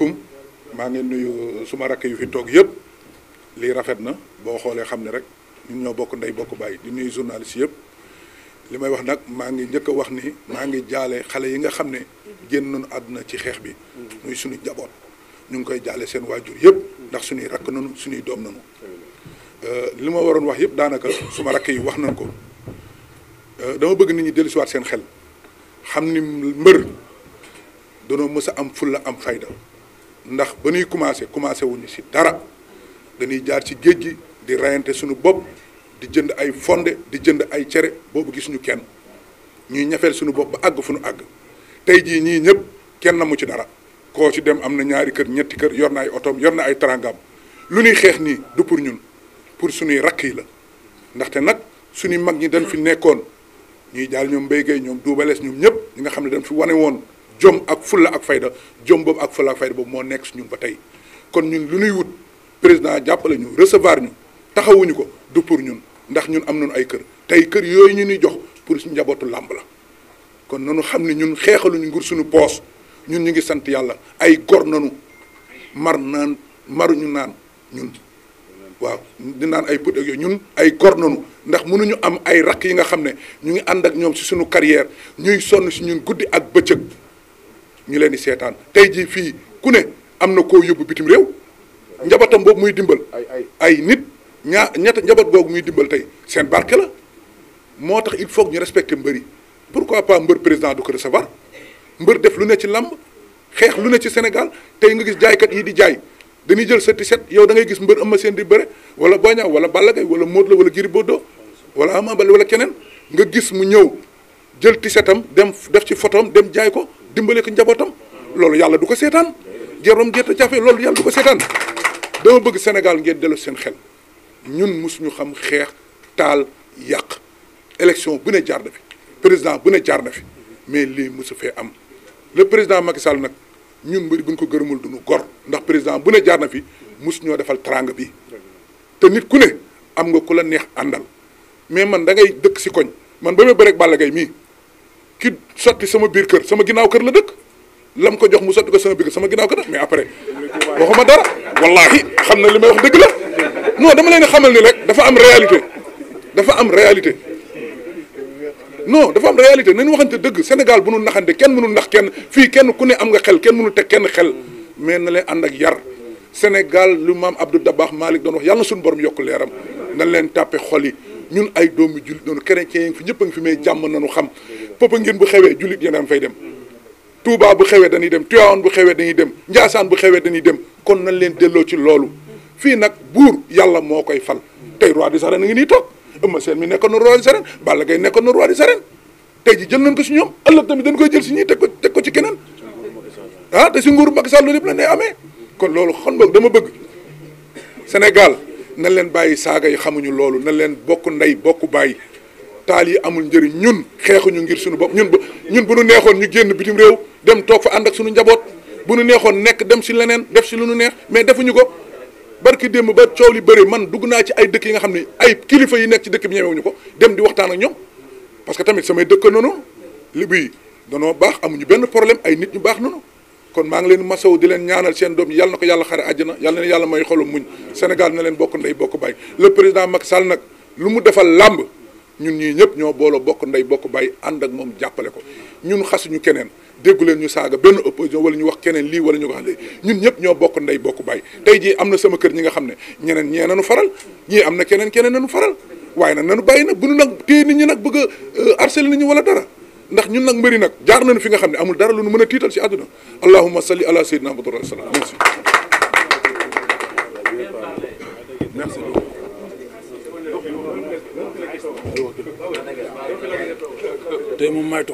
asalaamaaleykum maa ngi nuyu suma rakk yu fi toog yëpp lii rafet na boo xoolee xam ne rek ñun bokk ndey bokk bàyyi di nuyu journaliste yëpp li may wax nag maa ngi njëkk a wax ni maa ngi jaale xale yi nga xam ne génn nañu àdduna ci xeex bi suñu njaboot ñu ngi koy jaale seen waajur yëpp ndax suñuy rakk nanu suñuy doom nanu euh, li ma waroon wax yëpp daanaka suma rakk yi wax nañ ko euh, dama bëgg nit ñi dellusiwaat seen xel xam ni mbër danoo mës a am fulla am fayda ndax ba ñuy commencé commencé wuñu si dara dañuy jaar ci géej gi di rayante suñu bopp di jënd ay fonde di jënd ay cere boobu gisuñu kenn ñuy ñafeel suñu bopp ba àgg fu ñu àgg tey jii ñii ñëpp kenn na mu ci dara koo ci dem am na ñaari kër ñetti kër yor na ay otoom yor na ay tarangam lu ñuy xeex nii du pour ñun pour suñuy rakk yi la ndaxte nag suñuy mag ñi dañ fi nekkoon ñuy jaal ñoom mbéygay ñoom duubalees ñoom ñëpp ñi nga xam ne dañ fi wane woon jom ak fulla ak fayda jom boobu ak fulla ak fayda boobu moo nekk su ñun ba tey kon ñun lu ñuy wut président jàppale ñu recevoir ñu taxawuñu ko du pour ñun ndax ñun am nañu ay kër tey kër yooyu ñu ñuy jox pour suñu njabootu làmb la kon nanu xam ne ñun xeexaluñu ngir suñu poos ñun ñu ngi sant yàlla ay gor nanu mar naan maruñu naan ñun waaw di naan ay put ak yooyu ñun ay gor nanu ndax mënuñu am ay rakk yi nga xam ne ñu ngi ànd ak ñoom si suñu carrière ñuy sonn si ñun guddi ak bëccëg ñu leen di seetaan tey jii fii ku ne am na koo yóbbu bitim réew njabatam boobu muy dimbal ay nit ñaa ñett njabat googu muy dimbal tey seen barke la moo tax il faut ñu respecter mbër yi pourquoi pas mbër président du ko recevoir mbër def lu ne ci làmb xeex lu ne ci Sénégal tey nga gis jaaykat yi di jaay dañuy jël sa tiset yow da ngay gis mbër Eumeu Sène di bëre wala Boy Niang wala Balla Gaye wala Modou Lô wala Gris Bordeaux wala Ama Baldé wala keneen nga gis mu ñëw jël tisetam dem def ci photom dem jaay ko dimbale ko njabootam loolu yàlla du ko seetaan jarom jeta jafe loolu yàlla du ko seetaan dama bëgg Sénégal ngeen dellu seen xel ñun mosuñu xam xeex taal yàq élection bu ne jaar na fi président bu ne jaar na fi mais lii mosu fee am le président Macky Sall nag ñun mbëri ko gërëmul duñu gor ndax président bu ne jaar na fi ñoo defal trang bi te nit ku ne am nga ku la neex àndal mais man da ngay dëkk si koñ man ba ma bëreeg Balla Gaye mii ki sotti sama biir kër sama ginnaaw kër la dëkk lam ko jox mu sotti ko sama biir sama ginnaaw kër mais après waxuma dara wallahi xam na li may wax dëgg la non dama leen xamal ni rek dafa am réalité dafa am réalité non dafa am réalité nañu waxante dëgg Sénégal bu nu naxante kenn mënu nax kenn fii kenn ku ne am nga xel kenn mënu teg kenn xel mais na leen ànd ak yar Sénégal lu maam Abdou Dabax Malick doon wax yàlla na suñu borom yokk leeram nañ leen tàppe xol yi ñun ay doomu jullit noonu chrétien yi fi may jàmm nañu xam Popenguine bu xewee jullit yéen a fay dem Touba bu xewee dañuy dem Tivaouane bu xewee dañuy dem Ndiassane bu xewee dañuy dem kon nañ leen delloo ci loolu fii nag buur yàlla moo koy fal tey roi des arènes a ngi nii toog Eumeu Sène mi nekkoon na roi des arènes Balla Gaye nekkoon na roi des arènes tey ji jël nañ ko si ñoom ëllëg tamit dañ koy jël si ñii teg ko teg ci keneen ah te si nguuru Macky Sall loolu yëpp la ne ame kon loolu xam nga dama bëgg Sénégal nañ leen bàyyi saaga yi xamuñu loolu nañ leen bokk ndey bokk bàyyi taal yi amul njëriñ ñun xeexuñu ngir suñu bopp ñun bu ñun bu nu neexoon ñu génn bitim réew dem toog fa ànd ak suñu njaboot bu nu neexoon nekk dem si leneen def si lu nu neex mais defuñu ko barki démb ba coow li bëri man dugg naa ci ay dëkk yi nga xam ne ay kilifa yi nekk ci dëkk bi ñemewuñu ko dem di waxtaan ak ñoom parce que tamit samay dëkk nonu li bi danoo baax am ñu benn problème ay nit ñu baax noonu kon maa ngi leen masaw di leen ñaanal seen doom yi ko yàlla xare àjjana yàlla yàlla may xolu muñ Sénégal na leen bokk ndey bokk bàyyi le président Macky Sall nag lu mu defal làmb ñun ñii ñëpp ñoo booloo bokk ndey bokk bàyyi ànd ak moom jàppale ko ñun xasuñu keneen déggu leen ñu saaga benn opposition wala ñu wax keneen lii wala ñu ko xam ne ñun ñëpp ñoo bokk ndey bokk bàyyi tey jii am na sama kër ñi nga xam ne ñeneen ñee nanu faral ñii am na keneen keneen nanu faral waaye nag nanu bàyyi nag bu nu nag téye nit ñi nag bëgg a euh, harceler nit ñi wala dara ndax ñun nag mbëri nag jaar nañu fi nga xam ne amul dara lu nu mën a tiital si àdduna allahumma salli ala sayyidina muhammad rasulullah merci merci tey moom may